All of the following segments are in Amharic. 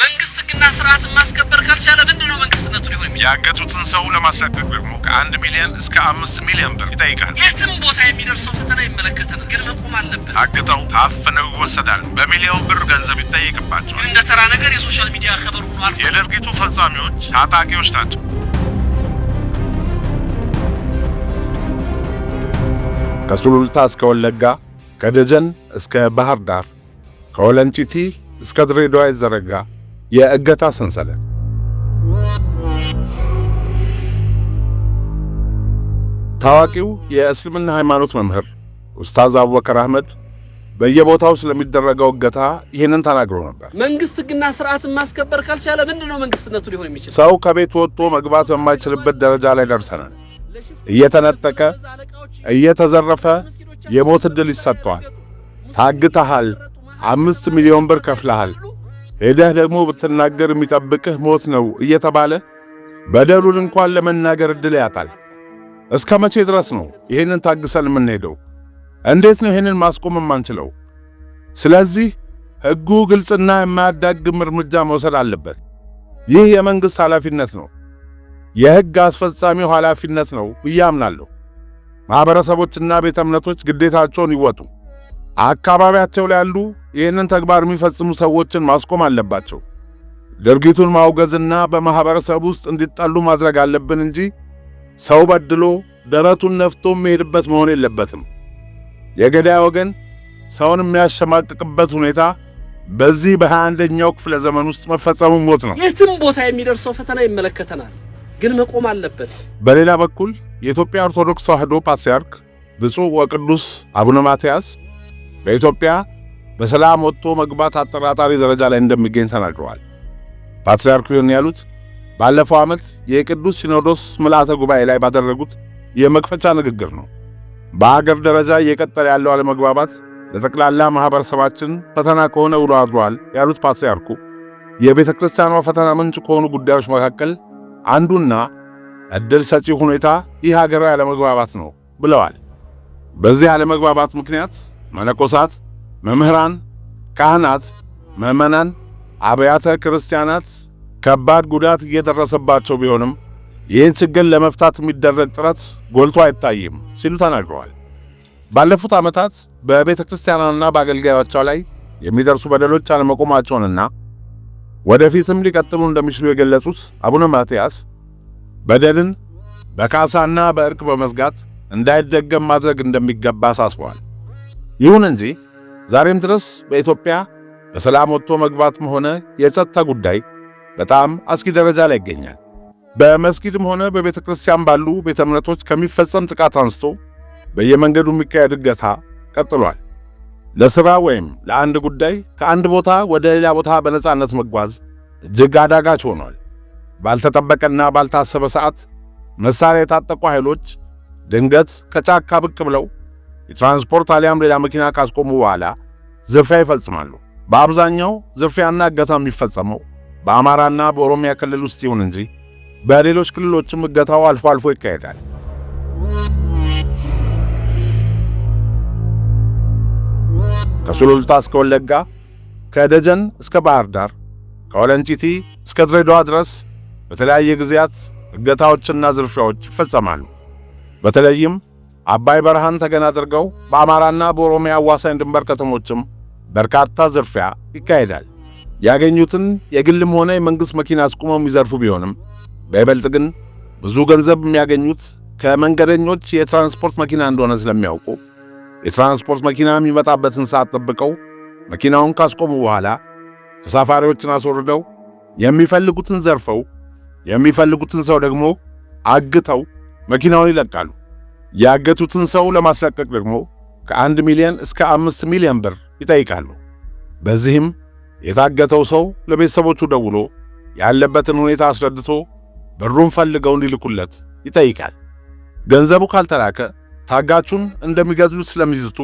መንግስት ህግና ስርዓትን ማስከበር ካልቻለ ምንድን ነው መንግስትነቱ ሊሆን የሚችል? ያገቱትን ሰው ለማስለቀቅ ደግሞ ከአንድ ሚሊዮን እስከ አምስት ሚሊዮን ብር ይጠይቃል። የትም ቦታ የሚደርሰው ፈተና ይመለከተናል፣ ግን መቆም አለበት። አግተው ታፍነው ይወሰዳል። በሚሊዮን ብር ገንዘብ ይጠይቅባቸዋል። እንደ ተራ ነገር የሶሻል ሚዲያ ከበር ሆኗል። የድርጊቱ ፈጻሚዎች ታጣቂዎች ናቸው። ከሱሉልታ እስከ ወለጋ፣ ከደጀን እስከ ባህር ዳር፣ ከወለንጪቲ እስከ ድሬዳዋ ይዘረጋ የእገታ ሰንሰለት ታዋቂው የእስልምና ሃይማኖት መምህር ኡስታዝ አቡበከር አህመድ በየቦታው ስለሚደረገው እገታ ይህንን ተናግሮ ነበር። መንግስት ህግና ስርዓትን ማስከበር ካልቻለ ምንድን ነው መንግስትነቱ ሊሆን የሚችል? ሰው ከቤት ወጥቶ መግባት በማይችልበት ደረጃ ላይ ደርሰናል። እየተነጠቀ እየተዘረፈ የሞት ዕድል ይሰጠዋል። ታግተሃል፣ አምስት ሚሊዮን ብር ከፍለሃል ሄደህ ደግሞ ብትናገር የሚጠብቅህ ሞት ነው እየተባለ በደሉን እንኳን ለመናገር ዕድል ያጣል። እስከ መቼ ድረስ ነው ይህንን ታግሰን የምንሄደው? እንዴት ነው ይህንን ማስቆም የማንችለው? ስለዚህ ሕጉ ግልጽና የማያዳግም እርምጃ መውሰድ አለበት። ይህ የመንግሥት ኃላፊነት ነው፣ የሕግ አስፈጻሚው ኃላፊነት ነው ብዬ አምናለሁ። ማኅበረሰቦችና ቤተ እምነቶች ግዴታቸውን ይወጡ። አካባቢያቸው ላይ ያሉ ይህንን ተግባር የሚፈጽሙ ሰዎችን ማስቆም አለባቸው። ድርጊቱን ማውገዝና በማኅበረሰብ ውስጥ እንዲጠሉ ማድረግ አለብን እንጂ ሰው በድሎ ደረቱን ነፍቶ የሚሄድበት መሆን የለበትም። የገዳይ ወገን ሰውን የሚያሸማቅቅበት ሁኔታ በዚህ በ21ኛው ክፍለ ዘመን ውስጥ መፈጸሙ ሞት ነው። የትም ቦታ የሚደርሰው ፈተና ይመለከተናል፣ ግን መቆም አለበት። በሌላ በኩል የኢትዮጵያ ኦርቶዶክስ ተዋሕዶ ፓትርያርክ ብፁዕ ወቅዱስ አቡነ ማትያስ በኢትዮጵያ በሰላም ወጥቶ መግባት አጠራጣሪ ደረጃ ላይ እንደሚገኝ ተናግረዋል። ፓትርያርኩ ይህን ያሉት ባለፈው ዓመት የቅዱስ ሲኖዶስ ምልአተ ጉባኤ ላይ ባደረጉት የመክፈቻ ንግግር ነው። በአገር ደረጃ እየቀጠለ ያለው አለመግባባት ለጠቅላላ ማኅበረሰባችን ፈተና ከሆነ ውሎ አድሯል ያሉት ፓትርያርኩ የቤተ ክርስቲያኗ ፈተና ምንጭ ከሆኑ ጉዳዮች መካከል አንዱና እድል ሰጪ ሁኔታ ይህ ሀገራዊ አለመግባባት ነው ብለዋል። በዚህ አለመግባባት ምክንያት መነኮሳት መምህራን፣ ካህናት፣ ምዕመናን፣ አብያተ ክርስቲያናት ከባድ ጉዳት እየደረሰባቸው ቢሆንም ይህን ችግር ለመፍታት የሚደረግ ጥረት ጎልቶ አይታይም ሲሉ ተናግረዋል። ባለፉት ዓመታት በቤተ ክርስቲያንና በአገልጋዮቿ ላይ የሚደርሱ በደሎች አለመቆማቸውንና ወደፊትም ሊቀጥሉ እንደሚችሉ የገለጹት አቡነ ማትያስ በደልን በካሳና በእርቅ በመዝጋት እንዳይደገም ማድረግ እንደሚገባ አሳስበዋል። ይሁን እንጂ ዛሬም ድረስ በኢትዮጵያ በሰላም ወጥቶ መግባትም ሆነ የጸጥታ ጉዳይ በጣም አስጊ ደረጃ ላይ ይገኛል። በመስጊድም ሆነ በቤተ ክርስቲያን ባሉ ቤተ እምነቶች ከሚፈጸም ጥቃት አንስቶ በየመንገዱ የሚካሄድ እገታ ቀጥሏል። ለሥራ ወይም ለአንድ ጉዳይ ከአንድ ቦታ ወደ ሌላ ቦታ በነፃነት መጓዝ እጅግ አዳጋች ሆኗል። ባልተጠበቀና ባልታሰበ ሰዓት መሳሪያ የታጠቁ ኃይሎች ድንገት ከጫካ ብቅ ብለው የትራንስፖርት አሊያም ሌላ መኪና ካስቆሙ በኋላ ዝርፊያ ይፈጽማሉ። በአብዛኛው ዝርፊያና እገታ የሚፈጸመው በአማራና በኦሮሚያ ክልል ውስጥ ይሁን እንጂ በሌሎች ክልሎችም እገታው አልፎ አልፎ ይካሄዳል። ከሱሉልታ እስከ ወለጋ፣ ከደጀን እስከ ባህር ዳር፣ ከወለንጪቲ እስከ ድሬዳዋ ድረስ በተለያየ ጊዜያት እገታዎችና ዝርፊያዎች ይፈጸማሉ። በተለይም አባይ በረሃን ተገን አድርገው በአማራና በኦሮሚያ አዋሳኝ ድንበር ከተሞችም በርካታ ዝርፊያ ይካሄዳል። ያገኙትን የግልም ሆነ የመንግሥት መኪና አስቁመው የሚዘርፉ ቢሆንም በይበልጥ ግን ብዙ ገንዘብ የሚያገኙት ከመንገደኞች የትራንስፖርት መኪና እንደሆነ ስለሚያውቁ የትራንስፖርት መኪና የሚመጣበትን ሰዓት ጠብቀው መኪናውን ካስቆሙ በኋላ ተሳፋሪዎችን አስወርደው የሚፈልጉትን ዘርፈው የሚፈልጉትን ሰው ደግሞ አግተው መኪናውን ይለቃሉ። ያገቱትን ሰው ለማስለቀቅ ደግሞ ከአንድ ሚሊዮን እስከ አምስት ሚሊዮን ብር ይጠይቃሉ። በዚህም የታገተው ሰው ለቤተሰቦቹ ደውሎ ያለበትን ሁኔታ አስረድቶ ብሩን ፈልገው እንዲልኩለት ይጠይቃል። ገንዘቡ ካልተላከ ታጋቹን እንደሚገድሉት ስለሚዝቱ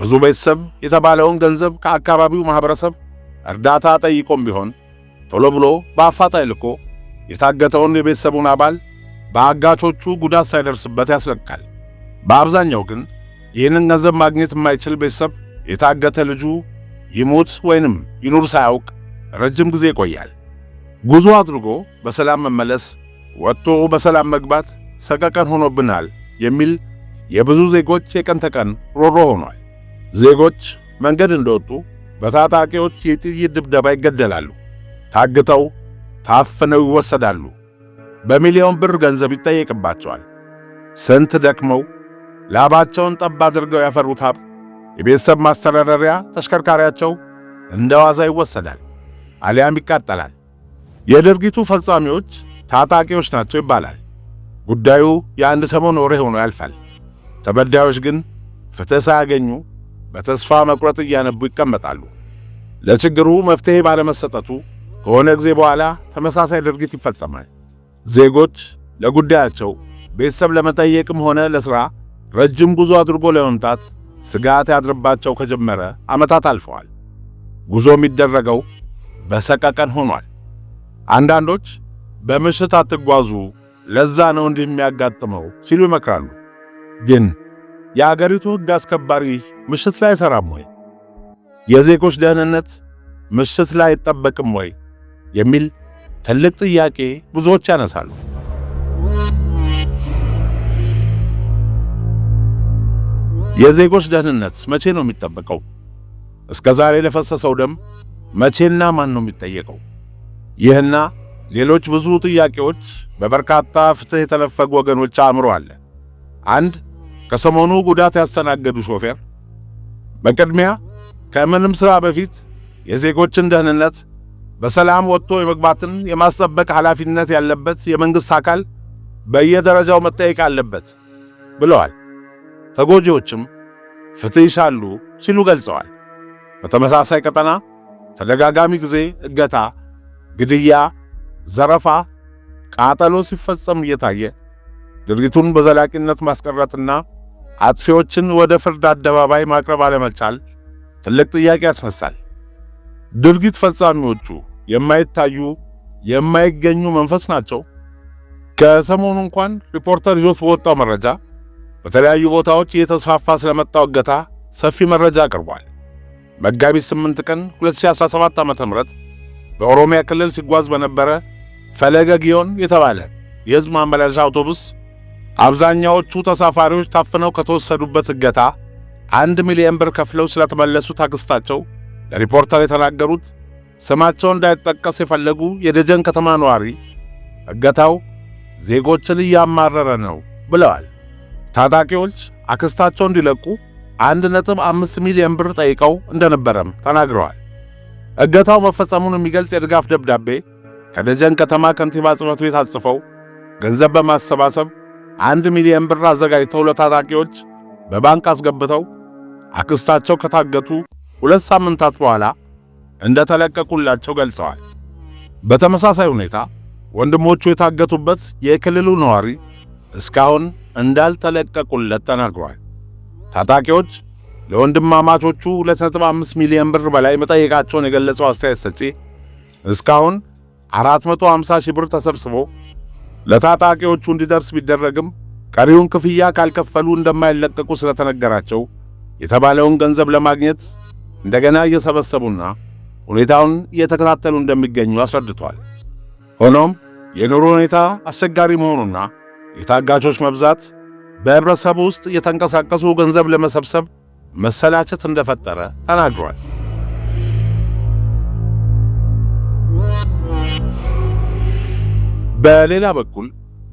ብዙ ቤተሰብ የተባለውን ገንዘብ ከአካባቢው ማኅበረሰብ እርዳታ ጠይቆም ቢሆን ቶሎ ብሎ በአፋጣኝ ልኮ የታገተውን የቤተሰቡን አባል በአጋቾቹ ጉዳት ሳይደርስበት ያስለቅቃል። በአብዛኛው ግን ይህንን ገንዘብ ማግኘት የማይችል ቤተሰብ የታገተ ልጁ ይሞት ወይንም ይኑር ሳያውቅ ረጅም ጊዜ ይቆያል። ጉዞ አድርጎ በሰላም መመለስ፣ ወጥቶ በሰላም መግባት ሰቀቀን ሆኖብናል የሚል የብዙ ዜጎች የቀን ተቀን ሮሮ ሆኗል። ዜጎች መንገድ እንደወጡ በታጣቂዎች የጥይት ድብደባ ይገደላሉ። ታግተው ታፍነው ይወሰዳሉ። በሚሊዮን ብር ገንዘብ ይጠየቅባቸዋል። ስንት ደክመው ላባቸውን ጠብ አድርገው ያፈሩት ሀብት የቤተሰብ ማስተዳደሪያ ተሽከርካሪያቸው እንደ ዋዛ ይወሰዳል አሊያም ይቃጠላል። የድርጊቱ ፈጻሚዎች ታጣቂዎች ናቸው ይባላል። ጉዳዩ የአንድ ሰሞን ወሬ ሆኖ ያልፋል። ተበዳዮች ግን ፍትሕ ሳያገኙ በተስፋ መቁረጥ እያነቡ ይቀመጣሉ። ለችግሩ መፍትሔ ባለመሰጠቱ ከሆነ ጊዜ በኋላ ተመሳሳይ ድርጊት ይፈጸማል። ዜጎች ለጉዳያቸው ቤተሰብ ለመጠየቅም ሆነ ለሥራ ረጅም ጉዞ አድርጎ ለመምጣት ስጋት ያድርባቸው ከጀመረ ዓመታት አልፈዋል። ጉዞ የሚደረገው በሰቀቀን ሆኗል። አንዳንዶች በምሽት አትጓዙ፣ ለዛ ነው እንዲህ የሚያጋጥመው ሲሉ ይመክራሉ። ግን የአገሪቱ ሕግ አስከባሪ ምሽት ላይ አይሰራም ወይ? የዜጎች ደህንነት ምሽት ላይ አይጠበቅም ወይ? የሚል ትልቅ ጥያቄ ብዙዎች ያነሳሉ። የዜጎች ደህንነት መቼ ነው የሚጠበቀው? እስከ ዛሬ ለፈሰሰው ደም መቼና ማን ነው የሚጠየቀው? ይህና ሌሎች ብዙ ጥያቄዎች በበርካታ ፍትህ የተነፈጉ ወገኖች አእምሮ አለ። አንድ ከሰሞኑ ጉዳት ያስተናገዱ ሾፌር በቅድሚያ ከምንም ሥራ በፊት የዜጎችን ደህንነት በሰላም ወጥቶ የመግባትን የማስጠበቅ ኃላፊነት ያለበት የመንግሥት አካል በየደረጃው መጠየቅ አለበት ብለዋል። ተጎጂዎችም ፍትህ ይሻሉ ሲሉ ገልጸዋል። በተመሳሳይ ቀጠና ተደጋጋሚ ጊዜ እገታ፣ ግድያ፣ ዘረፋ፣ ቃጠሎ ሲፈጸም እየታየ ድርጊቱን በዘላቂነት ማስቀረትና አጥፊዎችን ወደ ፍርድ አደባባይ ማቅረብ አለመቻል ትልቅ ጥያቄ ያስነሳል። ድርጊት ፈጻሚዎቹ የማይታዩ የማይገኙ መንፈስ ናቸው። ከሰሞኑ እንኳን ሪፖርተር ይዞት በወጣው መረጃ በተለያዩ ቦታዎች እየተስፋፋ ስለመጣው እገታ ሰፊ መረጃ አቅርቧል። መጋቢት 8 ቀን 2017 ዓ.ም በኦሮሚያ ክልል ሲጓዝ በነበረ ፈለገ ጊዮን የተባለ የሕዝብ ማመላለሻ አውቶቡስ አብዛኛዎቹ ተሳፋሪዎች ታፍነው ከተወሰዱበት እገታ አንድ ሚሊዮን ብር ከፍለው ስለተመለሱ ታክስታቸው ለሪፖርተር የተናገሩት ስማቸውን እንዳይጠቀስ የፈለጉ የደጀን ከተማ ነዋሪ እገታው ዜጎችን እያማረረ ነው ብለዋል። ታጣቂዎች አክስታቸው እንዲለቁ 1.5 ሚሊዮን ብር ጠይቀው እንደነበረም ተናግረዋል። እገታው መፈጸሙን የሚገልጽ የድጋፍ ደብዳቤ ከደጀን ከተማ ከንቲባ ጽሕፈት ቤት አጽፈው ገንዘብ በማሰባሰብ 1 ሚሊዮን ብር አዘጋጅተው ለታጣቂዎች በባንክ አስገብተው አክስታቸው ከታገቱ ሁለት ሳምንታት በኋላ እንደተለቀቁላቸው ገልጸዋል። በተመሳሳይ ሁኔታ ወንድሞቹ የታገቱበት የክልሉ ነዋሪ እስካሁን እንዳልተለቀቁለት ተናግሯል። ታጣቂዎች ለወንድማማቾቹ 2.5 ሚሊዮን ብር በላይ መጠየቃቸውን የገለጸው አስተያየት ሰጪ እስካሁን 450 ሺህ ብር ተሰብስቦ ለታጣቂዎቹ እንዲደርስ ቢደረግም ቀሪውን ክፍያ ካልከፈሉ እንደማይለቀቁ ስለተነገራቸው የተባለውን ገንዘብ ለማግኘት እንደገና እየሰበሰቡና ሁኔታውን እየተከታተሉ እንደሚገኙ አስረድቷል። ሆኖም የኑሮ ሁኔታ አስቸጋሪ መሆኑና የታጋቾች መብዛት በህብረተሰቡ ውስጥ የተንቀሳቀሱ ገንዘብ ለመሰብሰብ መሰላቸት እንደፈጠረ ተናግሯል። በሌላ በኩል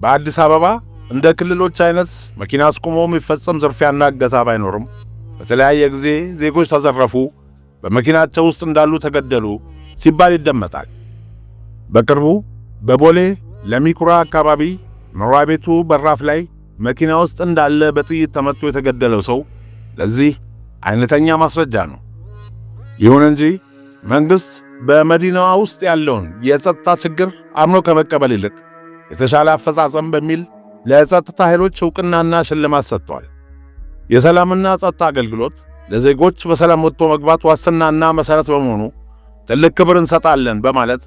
በአዲስ አበባ እንደ ክልሎች አይነት መኪና አስቁሞ የሚፈጸም ዝርፊያና እገታ ባይኖርም በተለያየ ጊዜ ዜጎች ተዘረፉ፣ በመኪናቸው ውስጥ እንዳሉ ተገደሉ ሲባል ይደመጣል። በቅርቡ በቦሌ ለሚኩራ አካባቢ መኖሪያ ቤቱ በራፍ ላይ መኪና ውስጥ እንዳለ በጥይት ተመቶ የተገደለው ሰው ለዚህ አይነተኛ ማስረጃ ነው። ይሁን እንጂ መንግሥት በመዲናዋ ውስጥ ያለውን የጸጥታ ችግር አምኖ ከመቀበል ይልቅ የተሻለ አፈጻጸም በሚል ለጸጥታ ኃይሎች ዕውቅናና ሽልማት ሰጥቷል። የሰላምና ጸጥታ አገልግሎት ለዜጎች በሰላም ወጥቶ መግባት ዋስትናና መሠረት በመሆኑ ትልቅ ክብር እንሰጣለን በማለት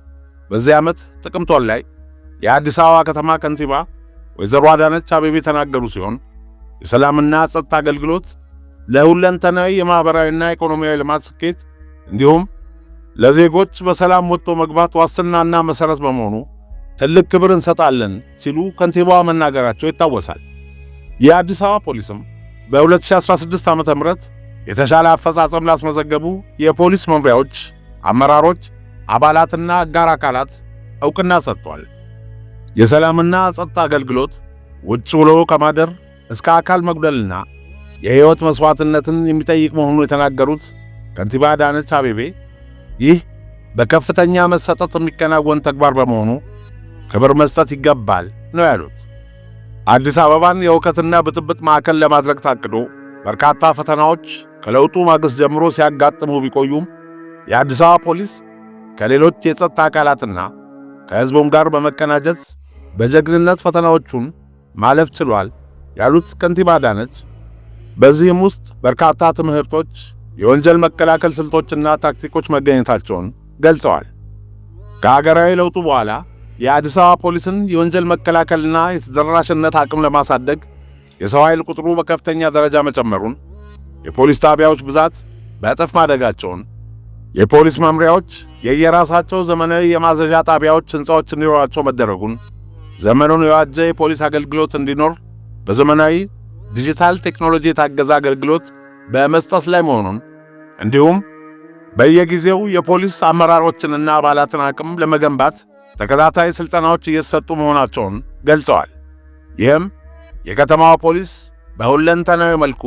በዚህ ዓመት ጥቅምት ወር ላይ የአዲስ አበባ ከተማ ከንቲባ ወይዘሮ አዳነች አቤቤ የተናገሩ ሲሆን የሰላምና ጸጥታ አገልግሎት ለሁለንተናዊ የማኅበራዊና ኢኮኖሚያዊ ልማት ስኬት እንዲሁም ለዜጎች በሰላም ወጥቶ መግባት ዋስትናና መሠረት በመሆኑ ትልቅ ክብር እንሰጣለን ሲሉ ከንቲባዋ መናገራቸው ይታወሳል። የአዲስ አበባ ፖሊስም በ2016 ዓ ም የተሻለ አፈጻጸም ላስመዘገቡ የፖሊስ መምሪያዎች፣ አመራሮች፣ አባላትና አጋር አካላት ዕውቅና ሰጥቷል። የሰላምና ጸጥታ አገልግሎት ውጭ ውሎ ከማደር እስከ አካል መጉደልና የሕይወት መሥዋዕትነትን የሚጠይቅ መሆኑን የተናገሩት ከንቲባ አዳነች አቤቤ ይህ በከፍተኛ መሰጠት የሚከናወን ተግባር በመሆኑ ክብር መስጠት ይገባል ነው ያሉት። አዲስ አበባን የእውከትና ብጥብጥ ማዕከል ለማድረግ ታቅዶ በርካታ ፈተናዎች ከለውጡ ማግስት ጀምሮ ሲያጋጥሙ ቢቆዩም የአዲስ አበባ ፖሊስ ከሌሎች የጸጥታ አካላትና ከሕዝቡም ጋር በመቀናጀት በጀግንነት ፈተናዎቹን ማለፍ ችሏል ያሉት ከንቲባ አዳነች በዚህም ውስጥ በርካታ ትምህርቶች፣ የወንጀል መከላከል ስልቶችና ታክቲኮች መገኘታቸውን ገልጸዋል። ከአገራዊ ለውጡ በኋላ የአዲስ አበባ ፖሊስን የወንጀል መከላከልና የተደራሽነት አቅም ለማሳደግ የሰው ኃይል ቁጥሩ በከፍተኛ ደረጃ መጨመሩን፣ የፖሊስ ጣቢያዎች ብዛት በእጥፍ ማደጋቸውን የፖሊስ መምሪያዎች የየራሳቸው ዘመናዊ የማዘዣ ጣቢያዎች ሕንፃዎች እንዲኖራቸው መደረጉን፣ ዘመኑን የዋጀ የፖሊስ አገልግሎት እንዲኖር በዘመናዊ ዲጂታል ቴክኖሎጂ የታገዘ አገልግሎት በመስጠት ላይ መሆኑን እንዲሁም በየጊዜው የፖሊስ አመራሮችንና አባላትን አቅም ለመገንባት ተከታታይ ሥልጠናዎች እየተሰጡ መሆናቸውን ገልጸዋል። ይህም የከተማዋ ፖሊስ በሁለንተናዊ መልኩ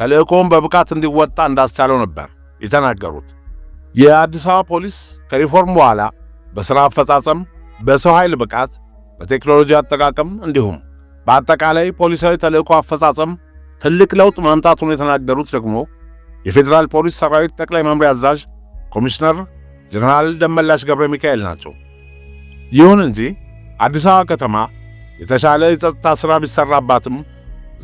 ተልእኮውን በብቃት እንዲወጣ እንዳስቻለው ነበር የተናገሩት። የአዲስ አበባ ፖሊስ ከሪፎርም በኋላ በሥራ አፈጻጸም፣ በሰው ኃይል ብቃት፣ በቴክኖሎጂ አጠቃቀም እንዲሁም በአጠቃላይ ፖሊሳዊ ተልእኮ አፈጻጸም ትልቅ ለውጥ መምጣቱን የተናገሩት ደግሞ የፌዴራል ፖሊስ ሰራዊት ጠቅላይ መምሪያ አዛዥ ኮሚሽነር ጀነራል ደመላሽ ገብረ ሚካኤል ናቸው። ይሁን እንጂ አዲስ አበባ ከተማ የተሻለ የጸጥታ ሥራ ቢሰራባትም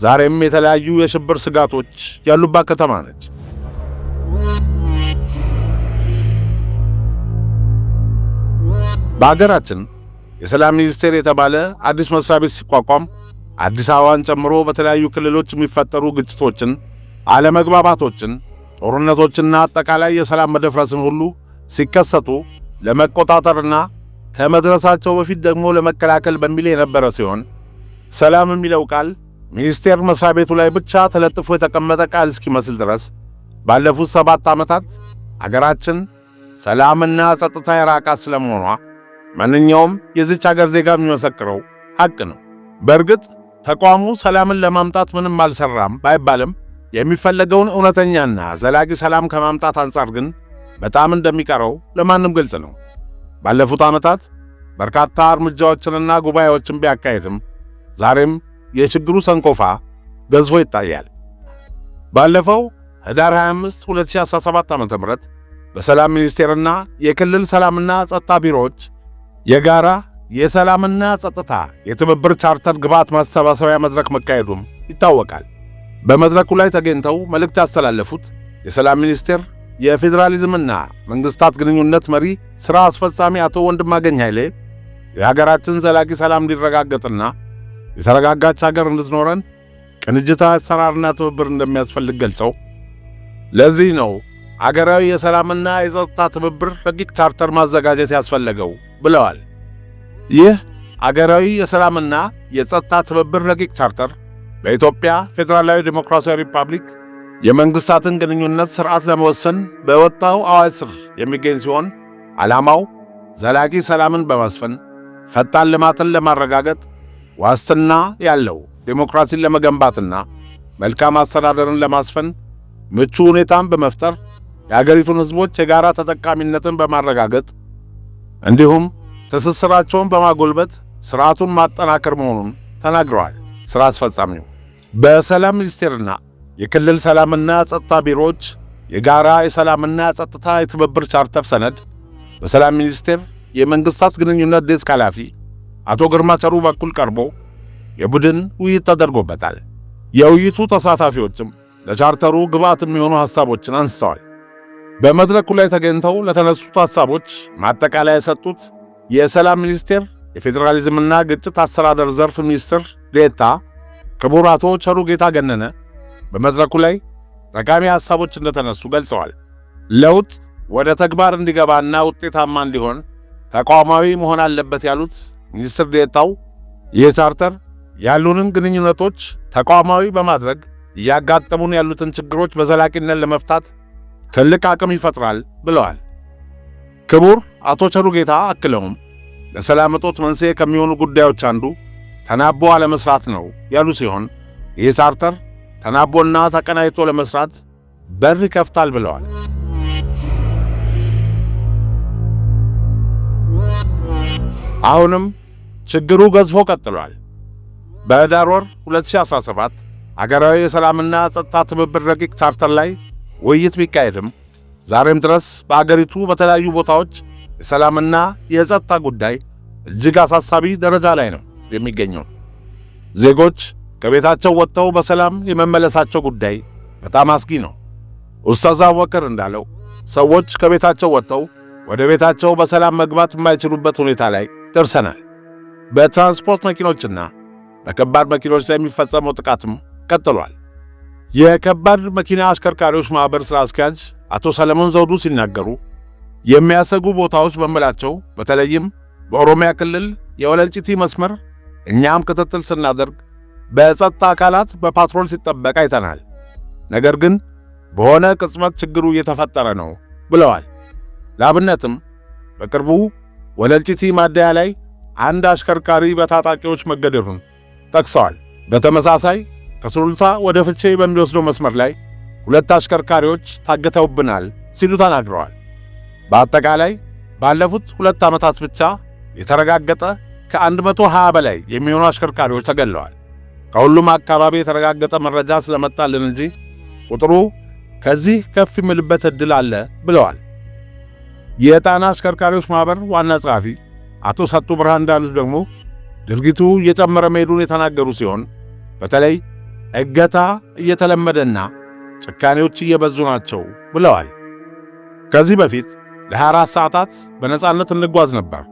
ዛሬም የተለያዩ የሽብር ስጋቶች ያሉባት ከተማ ነች። በሀገራችን የሰላም ሚኒስቴር የተባለ አዲስ መስሪያ ቤት ሲቋቋም አዲስ አበባን ጨምሮ በተለያዩ ክልሎች የሚፈጠሩ ግጭቶችን፣ አለመግባባቶችን፣ ጦርነቶችና አጠቃላይ የሰላም መደፍረስን ሁሉ ሲከሰቱ ለመቆጣጠርና ከመድረሳቸው በፊት ደግሞ ለመከላከል በሚል የነበረ ሲሆን ሰላም የሚለው ቃል ሚኒስቴር መስሪያ ቤቱ ላይ ብቻ ተለጥፎ የተቀመጠ ቃል እስኪመስል ድረስ ባለፉት ሰባት ዓመታት አገራችን ሰላምና ጸጥታ የራቃ ስለመሆኗ ማንኛውም የዚች አገር ዜጋ የሚመሰክረው ሐቅ ነው። በእርግጥ ተቋሙ ሰላምን ለማምጣት ምንም አልሰራም ባይባልም የሚፈለገውን እውነተኛና ዘላቂ ሰላም ከማምጣት አንጻር ግን በጣም እንደሚቀረው ለማንም ግልጽ ነው። ባለፉት ዓመታት በርካታ እርምጃዎችንና ጉባኤዎችን ቢያካሄድም ዛሬም የችግሩ ሰንኮፋ ገዝፎ ይታያል። ባለፈው ህዳር 25 2017 ዓ.ም በሰላም ሚኒስቴርና የክልል ሰላምና ጸጥታ ቢሮዎች የጋራ የሰላምና ጸጥታ የትብብር ቻርተር ግብዓት ማሰባሰቢያ መድረክ መካሄዱም ይታወቃል። በመድረኩ ላይ ተገኝተው መልእክት ያስተላለፉት የሰላም ሚኒስቴር የፌዴራሊዝምና መንግስታት ግንኙነት መሪ ሥራ አስፈጻሚ አቶ ወንድማገኝ ኃይሌ የሀገራችን ዘላቂ ሰላም እንዲረጋገጥና የተረጋጋች ሀገር እንድትኖረን ቅንጅታዊ አሰራርና ትብብር እንደሚያስፈልግ ገልጸው ለዚህ ነው አገራዊ የሰላምና የጸጥታ ትብብር ረቂቅ ቻርተር ማዘጋጀት ያስፈለገው ብለዋል። ይህ አገራዊ የሰላምና የጸጥታ ትብብር ረቂቅ ቻርተር በኢትዮጵያ ፌዴራላዊ ዴሞክራሲያዊ ሪፐብሊክ የመንግሥታትን ግንኙነት ሥርዓት ለመወሰን በወጣው አዋጅ ስር የሚገኝ ሲሆን ዓላማው ዘላቂ ሰላምን በማስፈን ፈጣን ልማትን ለማረጋገጥ ዋስትና ያለው ዴሞክራሲን ለመገንባትና መልካም አስተዳደርን ለማስፈን ምቹ ሁኔታን በመፍጠር የአገሪቱን ሕዝቦች የጋራ ተጠቃሚነትን በማረጋገጥ እንዲሁም ትስስራቸውን በማጎልበት ስርዓቱን ማጠናከር መሆኑን ተናግረዋል። ስራ አስፈጻሚው በሰላም ሚኒስቴርና የክልል ሰላምና ጸጥታ ቢሮዎች የጋራ የሰላምና ጸጥታ የትብብር ቻርተር ሰነድ በሰላም ሚኒስቴር የመንግስታት ግንኙነት ዴስክ ኃላፊ አቶ ግርማ ቸሩ በኩል ቀርቦ የቡድን ውይይት ተደርጎበታል። የውይይቱ ተሳታፊዎችም ለቻርተሩ ግብዓት የሚሆኑ ሐሳቦችን አንስተዋል። በመድረኩ ላይ ተገኝተው ለተነሱት ሐሳቦች ማጠቃለያ የሰጡት የሰላም ሚኒስቴር የፌዴራሊዝምና ግጭት አስተዳደር ዘርፍ ሚኒስትር ዴታ ክቡር አቶ ቸሩ ጌታ ገነነ በመድረኩ ላይ ጠቃሚ ሐሳቦች እንደተነሱ ገልጸዋል። ለውጥ ወደ ተግባር እንዲገባና ውጤታማ እንዲሆን ተቋማዊ መሆን አለበት ያሉት ሚኒስትር ዴታው ይህ ቻርተር ያሉንን ግንኙነቶች ተቋማዊ በማድረግ እያጋጠሙን ያሉትን ችግሮች በዘላቂነት ለመፍታት ትልቅ አቅም ይፈጥራል ብለዋል። ክቡር አቶ ቸሩ ጌታ አክለውም ለሰላም እጦት መንስኤ ከሚሆኑ ጉዳዮች አንዱ ተናቦ አለመስራት ነው ያሉ ሲሆን ይህ ቻርተር ተናቦና ተቀናይቶ ለመስራት በር ይከፍታል ብለዋል። አሁንም ችግሩ ገዝፎ ቀጥሏል። በህዳር ወር 2017 አገራዊ የሰላምና ጸጥታ ትብብር ረቂቅ ቻርተር ላይ ውይይት ቢካሄድም ዛሬም ድረስ በአገሪቱ በተለያዩ ቦታዎች የሰላምና የጸጥታ ጉዳይ እጅግ አሳሳቢ ደረጃ ላይ ነው የሚገኘው። ዜጎች ከቤታቸው ወጥተው በሰላም የመመለሳቸው ጉዳይ በጣም አስጊ ነው። ኡስታዝ አቡበከር እንዳለው ሰዎች ከቤታቸው ወጥተው ወደ ቤታቸው በሰላም መግባት የማይችሉበት ሁኔታ ላይ ደርሰናል። በትራንስፖርት መኪኖችና በከባድ መኪኖች ላይ የሚፈጸመው ጥቃትም ቀጥሏል። የከባድ መኪና አሽከርካሪዎች ማኅበር ሥራ አስኪያጅ አቶ ሰለሞን ዘውዱ ሲናገሩ የሚያሰጉ ቦታዎች በምላቸው በተለይም በኦሮሚያ ክልል የወለልጭቲ መስመር እኛም ክትትል ስናደርግ በጸጥታ አካላት በፓትሮል ሲጠበቅ አይተናል። ነገር ግን በሆነ ቅጽበት ችግሩ እየተፈጠረ ነው ብለዋል። ለአብነትም በቅርቡ ወለልጭቲ ማደያ ላይ አንድ አሽከርካሪ በታጣቂዎች መገደሉን ጠቅሰዋል። በተመሳሳይ ከሱሉልታ ወደ ፍቼ በሚወስደው መስመር ላይ ሁለት አሽከርካሪዎች ታግተውብናል ሲሉ ተናግረዋል። በአጠቃላይ ባለፉት ሁለት ዓመታት ብቻ የተረጋገጠ ከ120 በላይ የሚሆኑ አሽከርካሪዎች ተገለዋል። ከሁሉም አካባቢ የተረጋገጠ መረጃ ስለመጣልን እንጂ ቁጥሩ ከዚህ ከፍ የሚልበት ዕድል አለ ብለዋል። የጣና አሽከርካሪዎች ማኅበር ዋና ጸሐፊ አቶ ሰጡ ብርሃን እንዳሉት ደግሞ ድርጊቱ እየጨመረ መሄዱን የተናገሩ ሲሆን በተለይ እገታ እየተለመደና ጭካኔዎች እየበዙ ናቸው ብለዋል። ከዚህ በፊት ለ24 ሰዓታት በነፃነት እንጓዝ ነበር።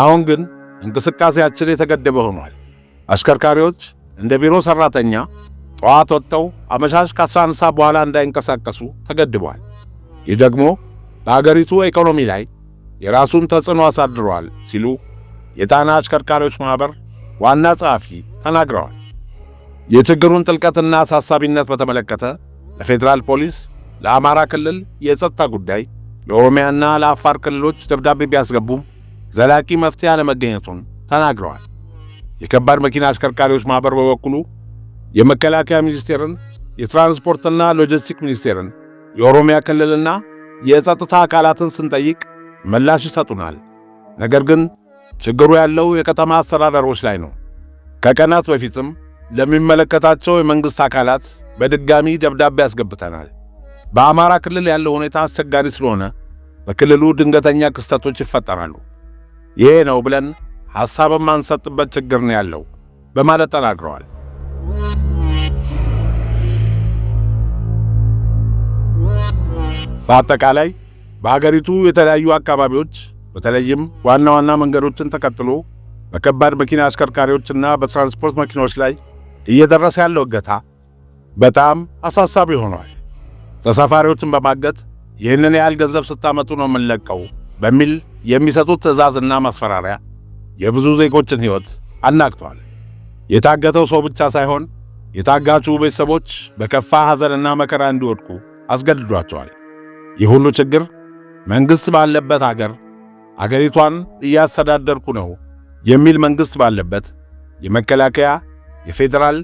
አሁን ግን እንቅስቃሴያችን የተገደበ ሆኗል። አሽከርካሪዎች እንደ ቢሮ ሠራተኛ ጠዋት ወጥተው አመሻሽ ከ11 ሰዓት በኋላ እንዳይንቀሳቀሱ ተገድበዋል። ይህ ደግሞ በአገሪቱ ኢኮኖሚ ላይ የራሱን ተጽዕኖ አሳድሯል ሲሉ የጣና አሽከርካሪዎች ማኅበር ዋና ጸሐፊ ተናግረዋል። የችግሩን ጥልቀትና አሳሳቢነት በተመለከተ ለፌዴራል ፖሊስ፣ ለአማራ ክልል የጸጥታ ጉዳይ፣ ለኦሮሚያና ለአፋር ክልሎች ደብዳቤ ቢያስገቡም ዘላቂ መፍትሄ አለመገኘቱን ተናግረዋል። የከባድ መኪና አሽከርካሪዎች ማኅበር በበኩሉ የመከላከያ ሚኒስቴርን፣ የትራንስፖርትና ሎጂስቲክ ሚኒስቴርን፣ የኦሮሚያ ክልልና የጸጥታ አካላትን ስንጠይቅ ምላሽ ይሰጡናል። ነገር ግን ችግሩ ያለው የከተማ አስተዳደሮች ላይ ነው። ከቀናት በፊትም ለሚመለከታቸው የመንግሥት አካላት በድጋሚ ደብዳቤ አስገብተናል። በአማራ ክልል ያለው ሁኔታ አስቸጋሪ ስለሆነ በክልሉ ድንገተኛ ክስተቶች ይፈጠራሉ። ይሄ ነው ብለን ሐሳብ የማንሰጥበት ችግር ነው ያለው በማለት ተናግረዋል። በአጠቃላይ በአገሪቱ የተለያዩ አካባቢዎች በተለይም ዋና ዋና መንገዶችን ተከትሎ በከባድ መኪና አሽከርካሪዎችና በትራንስፖርት መኪኖች ላይ እየደረሰ ያለው እገታ በጣም አሳሳቢ ሆኗል። ተሳፋሪዎችን በማገት ይህንን ያህል ገንዘብ ስታመጡ ነው የምንለቀው በሚል የሚሰጡት ትዕዛዝና ማስፈራሪያ የብዙ ዜጎችን ሕይወት አናግቷል። የታገተው ሰው ብቻ ሳይሆን የታጋቹ ቤተሰቦች በከፋ ሐዘንና መከራ እንዲወድቁ አስገድዷቸዋል። ይህ ሁሉ ችግር መንግሥት ባለበት አገር አገሪቷን እያስተዳደርኩ ነው የሚል መንግሥት ባለበት የመከላከያ የፌዴራል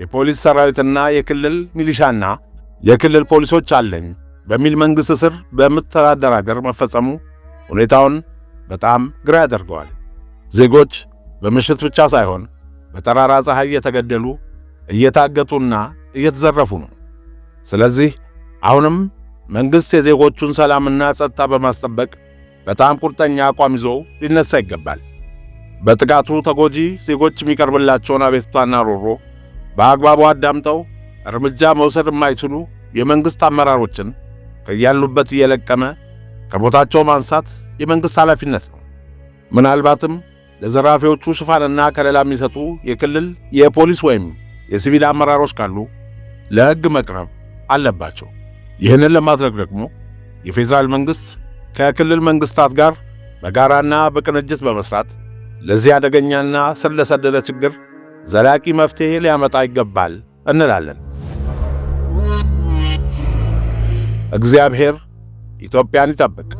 የፖሊስ ሰራዊትና የክልል ሚሊሻና የክልል ፖሊሶች አለኝ በሚል መንግሥት ስር በምትተዳደር አገር መፈጸሙ ሁኔታውን በጣም ግራ ያደርገዋል። ዜጎች በምሽት ብቻ ሳይሆን በጠራራ ፀሐይ እየተገደሉ እየታገቱና እየተዘረፉ ነው። ስለዚህ አሁንም መንግሥት የዜጎቹን ሰላምና ጸጥታ በማስጠበቅ በጣም ቁርጠኛ አቋም ይዞ ሊነሳ ይገባል። በጥቃቱ ተጎጂ ዜጎች የሚቀርብላቸውን አቤቱታና ሮሮ በአግባቡ አዳምጠው እርምጃ መውሰድ የማይችሉ የመንግሥት አመራሮችን ከያሉበት እየለቀመ ከቦታቸው ማንሳት የመንግሥት ኃላፊነት ነው። ምናልባትም ለዘራፊዎቹ ሽፋንና ከለላ የሚሰጡ የክልል የፖሊስ ወይም የሲቪል አመራሮች ካሉ ለሕግ መቅረብ አለባቸው። ይህንን ለማድረግ ደግሞ የፌዴራል መንግሥት ከክልል መንግሥታት ጋር በጋራና በቅንጅት በመስራት ለዚህ አደገኛና ስር ለሰደደ ችግር ዘላቂ መፍትሄ ሊያመጣ ይገባል እንላለን። እግዚአብሔር ኢትዮጵያን ይጠብቅ።